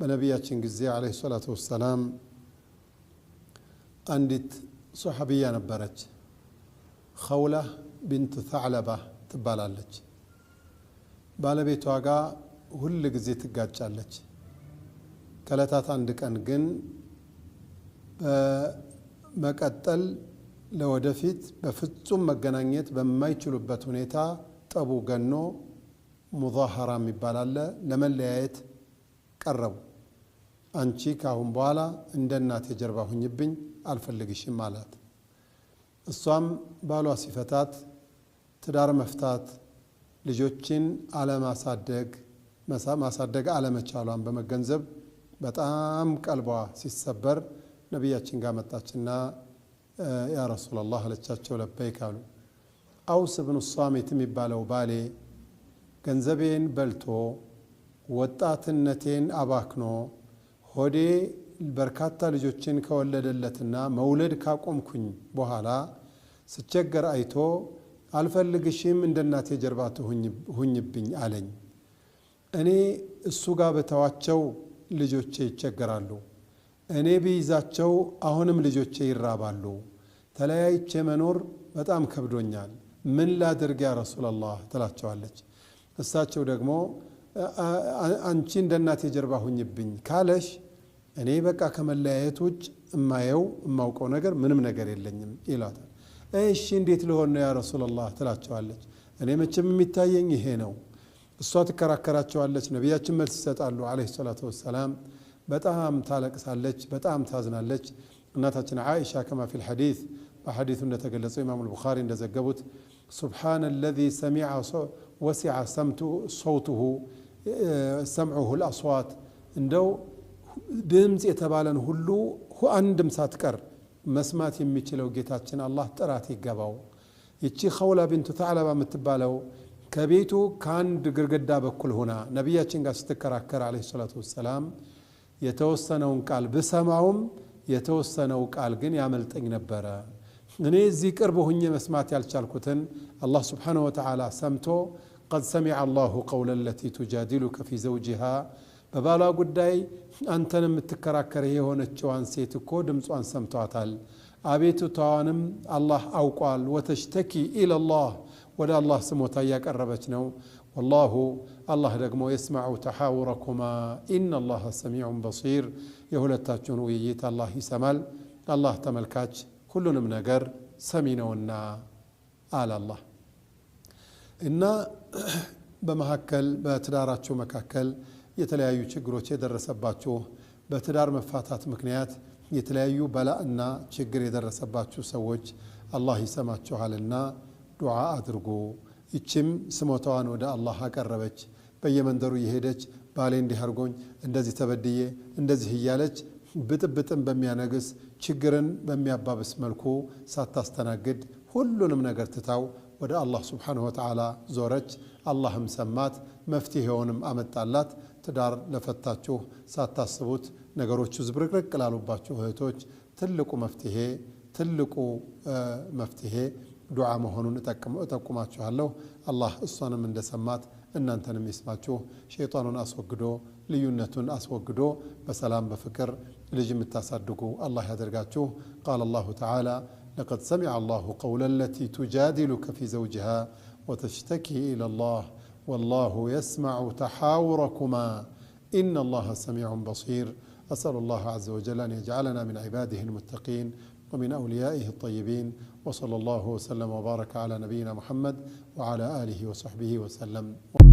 በነቢያችን ጊዜ ዓለይሂ ሰላቱ ወሰላም አንዲት ሶሓብያ ነበረች። ኸውላ ቢንት ታዕለባ ትባላለች። ባለቤቷ ጋር ሁል ጊዜ ትጋጫለች። ከለታት አንድ ቀን ግን በመቀጠል ለወደፊት በፍጹም መገናኘት በማይችሉበት ሁኔታ ጠቡ ገኖ ሙዛሃራ የሚባል አለ ለመለያየት ቀረቡ። አንቺ ካሁን በኋላ እንደ እናቴ ጀርባ ሁኝብኝ አልፈልግሽም አላት። እሷም ባሏ ሲፈታት ትዳር መፍታት፣ ልጆችን አለማሳደግ ማሳደግ አለመቻሏን በመገንዘብ በጣም ቀልቧ ሲሰበር ነቢያችን ጋር መጣችና ያ ረሱላላህ አለቻቸው። ለበይክ አሉ። አውስ ብኑ ሷሚት የሚባለው ባሌ ገንዘቤን በልቶ ወጣትነቴን አባክኖ ሆዴ በርካታ ልጆችን ከወለደለትና መውለድ ካቆምኩኝ በኋላ ስቸገር አይቶ አልፈልግሽም እንደ እናቴ ጀርባ ሁኝብኝ አለኝ። እኔ እሱ ጋር በተዋቸው ልጆቼ ይቸገራሉ። እኔ ብይዛቸው አሁንም ልጆቼ ይራባሉ። ተለያይቼ መኖር በጣም ከብዶኛል። ምን ላድርግ ያ ረሱላላህ ትላቸዋለች። እሳቸው ደግሞ አንቺ እንደ እናቴ ጀርባ ሁኝብኝ ካለሽ እኔ በቃ ከመለያየት ውጭ እማየው እማውቀው ነገር ምንም ነገር የለኝም ይላታል። እሺ እንዴት ልሆን ነው ያ ረሱላላህ ትላቸዋለች። እኔ መቼም የሚታየኝ ይሄ ነው። እሷ ትከራከራቸዋለች። ነቢያችን መልስ ይሰጣሉ ዓለይሂ ሰላቱ ወሰላም። በጣም ታለቅሳለች፣ በጣም ታዝናለች። እናታችን ዓኢሻ ከማ ፊል ሐዲስ በሐዲቱ እንደተገለጸው ኢማሙ ልቡኻሪ እንደዘገቡት سبحان الذي سمع وسع صوته سمعه الأصوات እንደው ድምፅ የተባለን ሁሉ አንድም ሳትቀር መስማት የሚችለው ጌታችን አላህ ጥራት ይገባው። ይቺ ኸውላ ቢንቱ ተዕለባ የምትባለው ከቤቱ ከአንድ ግርግዳ በኩል ሆና ነቢያችን ጋር ስትከራከር ዓለይሂ ሰላቱ ወሰላም የተወሰነውን ቃል ብሰማውም የተወሰነው ቃል ግን ያመልጠኝ ነበረ። እኔ እዚህ ቅርብ ሁኜ መስማት ያልቻልኩትን አላህ ስብሓነሁ ወተዓላ ሰምቶ ቀድ ሰሚዐ አላሁ ቀውለ ለቲ ቱጃዲሉከ ፊ ዘውጅሃ በባሏ ጉዳይ አንተን የምትከራከርህ የሆነችዋን ሴት እኮ ድምጿን ሰምቷታል፣ አቤቱታዋንም አላህ አውቋል። ወተሽተኪ ኢለላህ ወደ አላህ ስሞታ እያቀረበች ነው። ወላሁ አላህ ደግሞ የስማዑ ተሓውረኩማ ኢነላህ ሰሚዑን በሲር። የሁለታችሁን ውይይት አላህ ይሰማል። አላህ ተመልካች ሁሉንም ነገር ሰሚ ነውና አለ አላህ እና በመካከል በትዳራችሁ መካከል የተለያዩ ችግሮች የደረሰባችሁ በትዳር መፋታት ምክንያት የተለያዩ በላእና ችግር የደረሰባችሁ ሰዎች አላህ ይሰማችኋልና ዱዓ አድርጉ። ይችም ስሞታዋን ወደ አላህ አቀረበች። በየመንደሩ የሄደች ባሌ እንዲህ እንደዚህ ተበድዬ፣ እንደዚህ እያለች ብጥብጥን በሚያነግስ ችግርን በሚያባብስ መልኩ ሳታስተናግድ ሁሉንም ነገር ትታው ወደ አላህ ስብሓነሁ ወተዓላ ዞረች። አላህም ሰማት። مفتيهونم أمت اللات تدار لفتاتشو ساتا تصبوت نجاروتشو زبرقرق لالو باتشو هيتوش تلقو مفتيه تلوكو مفتيه دعاء مهونون اتاكم اتاكم اتاكم هلو الله اصانا من دسمات ان انت نميسماتشو شيطان اسوق قدو ليونة اسوق قدو بسلام بفكر لجم التصدقو الله يدرقاتشو قال الله تعالى لقد سمع الله قول التي تجادلك في زوجها وتشتكي إلى الله والله يسمع تحاوركما إن الله سميع بصير أسأل الله عز وجل أن يجعلنا من عباده المتقين ومن أوليائه الطيبين وصلى الله وسلم وبارك على نبينا محمد وعلى آله وصحبه وسلم